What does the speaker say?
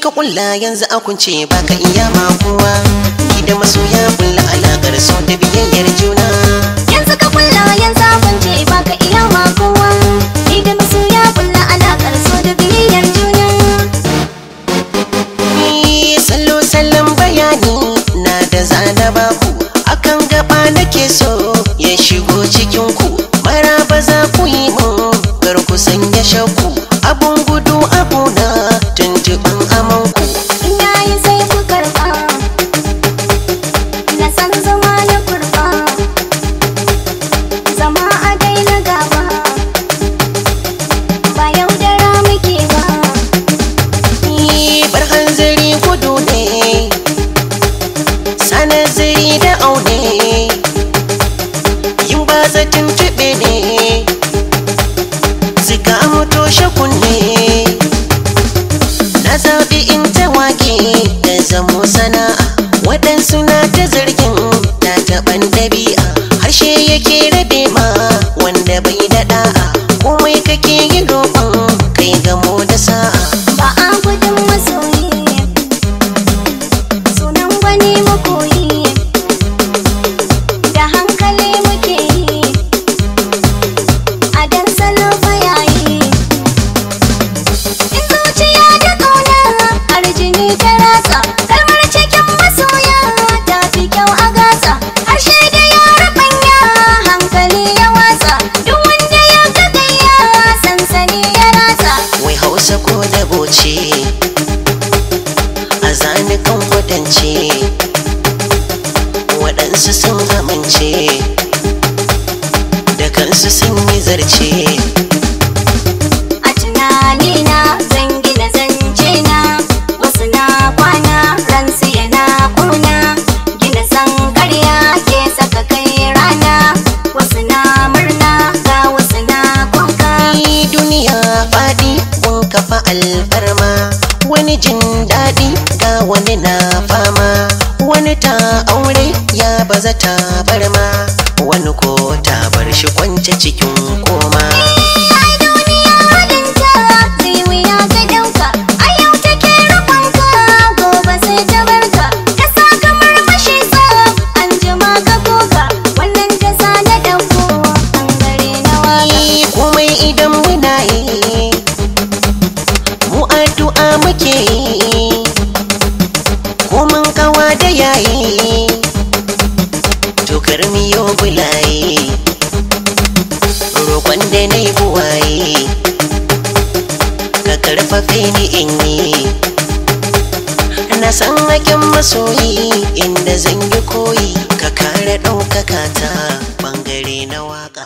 ka kulla yanzu a kunce baka iya makowa. ni da masoya kulla alakar so da biyayyar juna yanzu ka kulla yanzu a kunce baka iya makowa. ni da masoya kulla alakar so da biyayyar juna ni sallo sallan bayani na da zana baku akan gaba nake so ya shigo cikin ku waɗansu na ta zargin na taɓan dabi'a, harshe yake rabe ma wanda bai daɗa a komai kake yi roƙon kai gamo da sa'a ba a gudun masoyi sunan wani makoyi da hankali muke yi a dan salo bayayi in zuciya da ƙauna har jini ta ratsa sani ya wai hausa ko da goce a zani kan waɗansu sun amince da kansu sun yi zarce daɗi kun kafa alfarma wani jin daɗi ga wani na fama wani ta aure ya baza ta barma wani ko ta bar shi kwance cikin koma addu'a muke yi mun kawa da yayi karmi miyo bulaye roƙon da na buwaye ka karfafe ni in yi na san hakin masoyi inda zan yi koyi ka kare ɗaukaka ta ɓangare na waƙa